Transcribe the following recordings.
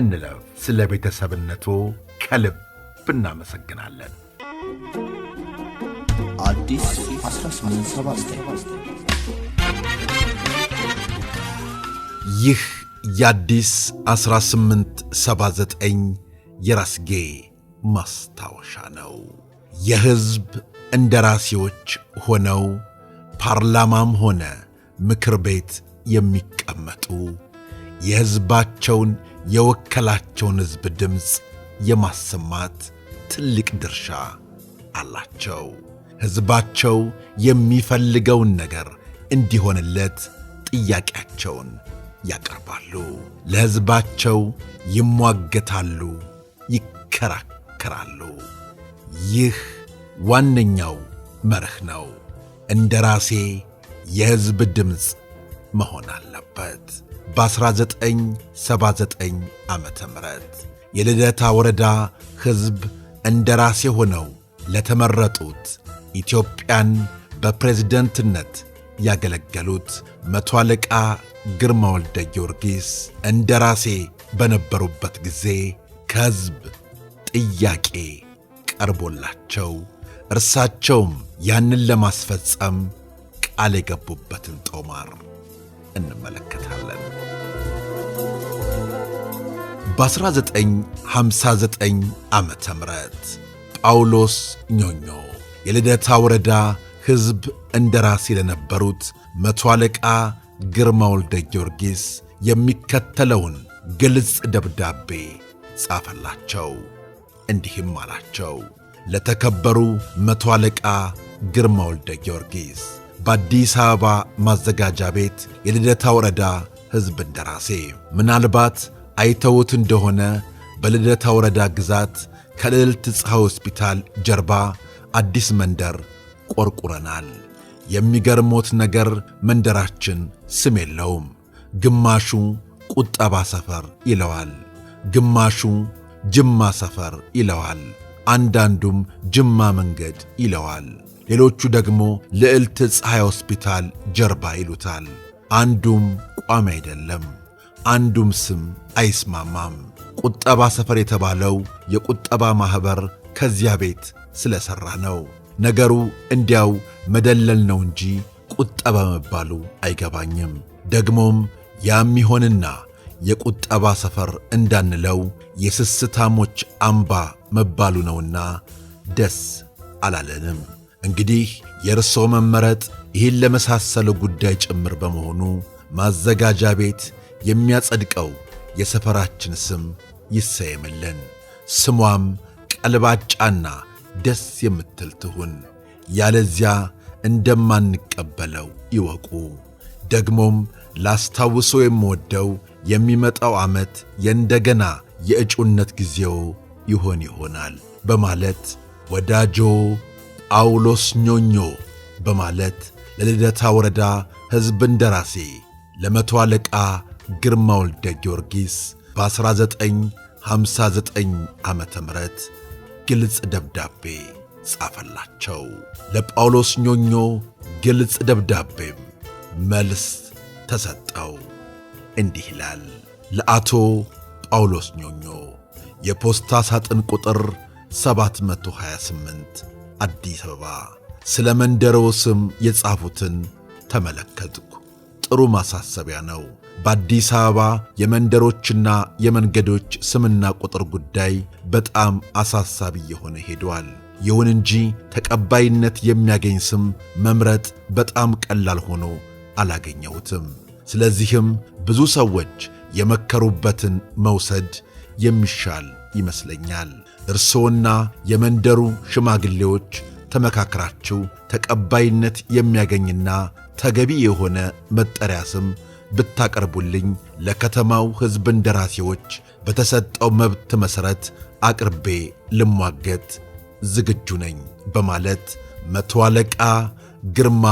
እንለፍ። ስለ ቤተሰብነቱ ከልብ እናመሰግናለን። ይህ የአዲስ 1879 የራስጌ ማስታወሻ ነው። የሕዝብ እንደራሴዎች ሆነው ፓርላማም ሆነ ምክር ቤት የሚቀመጡ የሕዝባቸውን የወከላቸውን ሕዝብ ድምፅ የማሰማት ትልቅ ድርሻ አላቸው። ሕዝባቸው የሚፈልገውን ነገር እንዲሆንለት ጥያቄያቸውን ያቀርባሉ። ለሕዝባቸው ይሟገታሉ፣ ይከራከራሉ። ይህ ዋነኛው መርህ ነው። እንደ ራሴ የሕዝብ ድምፅ መሆን አለበት። በ1979 ዓ ም የልደታ ወረዳ ሕዝብ እንደራሴ ሆነው ለተመረጡት ኢትዮጵያን በፕሬዝደንትነት ያገለገሉት መቶ አለቃ ግርማ ወልደ ጊዮርጊስ እንደራሴ በነበሩበት ጊዜ ከሕዝብ ጥያቄ ቀርቦላቸው እርሳቸውም ያንን ለማስፈጸም ቃል የገቡበትን ጦማር እንመለከታለን። በ1959 ዓ ም ጳውሎስ ኞኞ የልደታ ወረዳ ሕዝብ እንደራሴ ለነበሩት መቶ አለቃ ግርማ ወልደ ጊዮርጊስ የሚከተለውን ግልጽ ደብዳቤ ጻፈላቸው። እንዲህም አላቸው። ለተከበሩ መቶ አለቃ ግርማ ወልደ ጊዮርጊስ በአዲስ አበባ ማዘጋጃ ቤት የልደታ ወረዳ ሕዝብ እንደራሴ። ምናልባት አይተውት እንደሆነ በልደታ ወረዳ ግዛት ከልዕልት ጽሐ ሆስፒታል ጀርባ አዲስ መንደር ቆርቁረናል። የሚገርሞት ነገር መንደራችን ስም የለውም። ግማሹ ቁጠባ ሰፈር ይለዋል፣ ግማሹ ጅማ ሰፈር ይለዋል፣ አንዳንዱም ጅማ መንገድ ይለዋል። ሌሎቹ ደግሞ ልዕልት ፀሐይ ሆስፒታል ጀርባ ይሉታል። አንዱም ቋሚ አይደለም፣ አንዱም ስም አይስማማም። ቁጠባ ሰፈር የተባለው የቁጠባ ማኅበር ከዚያ ቤት ሠራ ነው። ነገሩ እንዲያው መደለል ነው እንጂ ቁጠባ መባሉ አይገባኝም። ደግሞም ያም ይሆንና የቁጠባ ሰፈር እንዳንለው የስስታሞች አምባ መባሉ ነውና ደስ አላለንም። እንግዲህ የእርስዎ መመረጥ ይህን ለመሳሰለው ጉዳይ ጭምር በመሆኑ ማዘጋጃ ቤት የሚያጸድቀው የሰፈራችን ስም ይሰየምልን። ስሟም ቀልባጫና ደስ የምትል ትሁን። ያለዚያ እንደማንቀበለው ይወቁ። ደግሞም ላስታውሶ የምወደው የሚመጣው ዓመት የእንደገና የእጩነት ጊዜው ይሆን ይሆናል በማለት ወዳጆ ጳውሎስ ኞኞ በማለት ለልደታ ወረዳ ሕዝብ እንደራሴ ለመቶ አለቃ ግርማ ወልደ ጊዮርጊስ በ1959 ዓ ም ግልጽ ደብዳቤ ጻፈላቸው። ለጳውሎስ ኞኞ ግልጽ ደብዳቤም መልስ ተሰጠው። እንዲህ ይላል። ለአቶ ጳውሎስ ኞኞ የፖስታ ሳጥን ቁጥር 728 አዲስ አበባ ስለ መንደረው ስም የጻፉትን ተመለከትኩ። ጥሩ ማሳሰቢያ ነው። በአዲስ አበባ የመንደሮችና የመንገዶች ስምና ቁጥር ጉዳይ በጣም አሳሳቢ የሆነ ሄዷል። ይሁን እንጂ ተቀባይነት የሚያገኝ ስም መምረጥ በጣም ቀላል ሆኖ አላገኘሁትም። ስለዚህም ብዙ ሰዎች የመከሩበትን መውሰድ የሚሻል ይመስለኛል። እርስዎና የመንደሩ ሽማግሌዎች ተመካክራችሁ ተቀባይነት የሚያገኝና ተገቢ የሆነ መጠሪያ ስም ብታቀርቡልኝ ለከተማው ሕዝብ እንደራሴዎች በተሰጠው መብት መሠረት አቅርቤ ልሟገት ዝግጁ ነኝ በማለት መቶ አለቃ ግርማ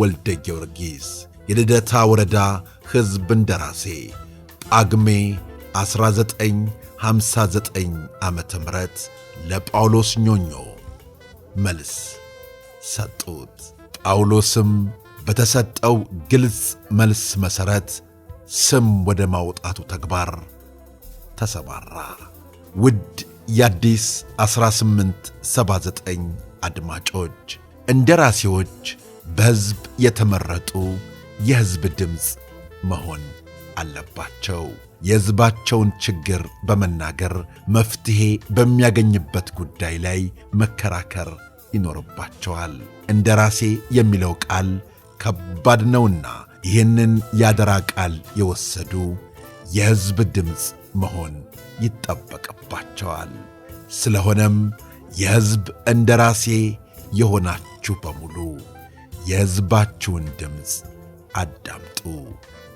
ወልደ ጊዮርጊስ የልደታ ወረዳ ሕዝብ እንደራሴ ጳጉሜ 19 59 ዓመተ ምህረት ለጳውሎስ ኞኞ መልስ ሰጡት። ጳውሎስም በተሰጠው ግልጽ መልስ መሠረት ስም ወደ ማውጣቱ ተግባር ተሰማራ። ውድ የአዲስ 1879 አድማጮች እንደራሴዎች በሕዝብ የተመረጡ የሕዝብ ድምፅ መሆን አለባቸው። የሕዝባቸውን ችግር በመናገር መፍትሔ በሚያገኝበት ጉዳይ ላይ መከራከር ይኖርባቸዋል። እንደ ራሴ የሚለው ቃል ከባድ ነውና ይህንን ያደራ ቃል የወሰዱ የሕዝብ ድምፅ መሆን ይጠበቅባቸዋል። ስለሆነም የሕዝብ እንደ ራሴ የሆናችሁ በሙሉ የሕዝባችሁን ድምፅ አዳምጡ፣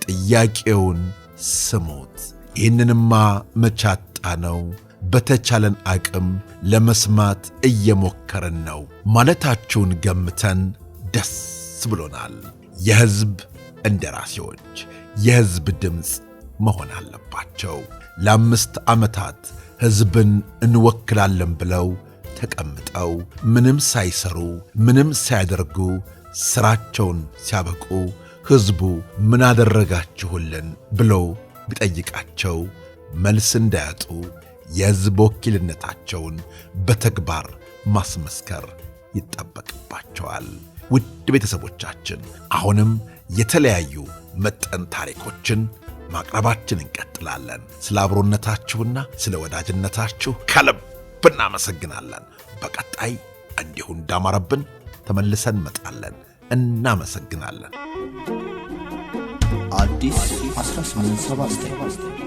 ጥያቄውን ስሙት። ይህንንማ መቻጣ ነው በተቻለን አቅም ለመስማት እየሞከርን ነው ማለታችሁን ገምተን ደስ ብሎናል። የሕዝብ እንደራሴዎች የሕዝብ ድምፅ መሆን አለባቸው። ለአምስት ዓመታት ሕዝብን እንወክላለን ብለው ተቀምጠው ምንም ሳይሰሩ ምንም ሳያደርጉ ሥራቸውን ሲያበቁ ሕዝቡ ምን አደረጋችሁልን ብለው ቢጠይቃቸው መልስ እንዳያጡ የሕዝብ ወኪልነታቸውን በተግባር ማስመስከር ይጠበቅባቸዋል። ውድ ቤተሰቦቻችን አሁንም የተለያዩ መጠን ታሪኮችን ማቅረባችን እንቀጥላለን። ስለ አብሮነታችሁና ስለ ወዳጅነታችሁ ከልብ እናመሰግናለን። በቀጣይ እንዲሁ እንዳማረብን ተመልሰን እንመጣለን። እናመሰግናለን። አዲስ 1879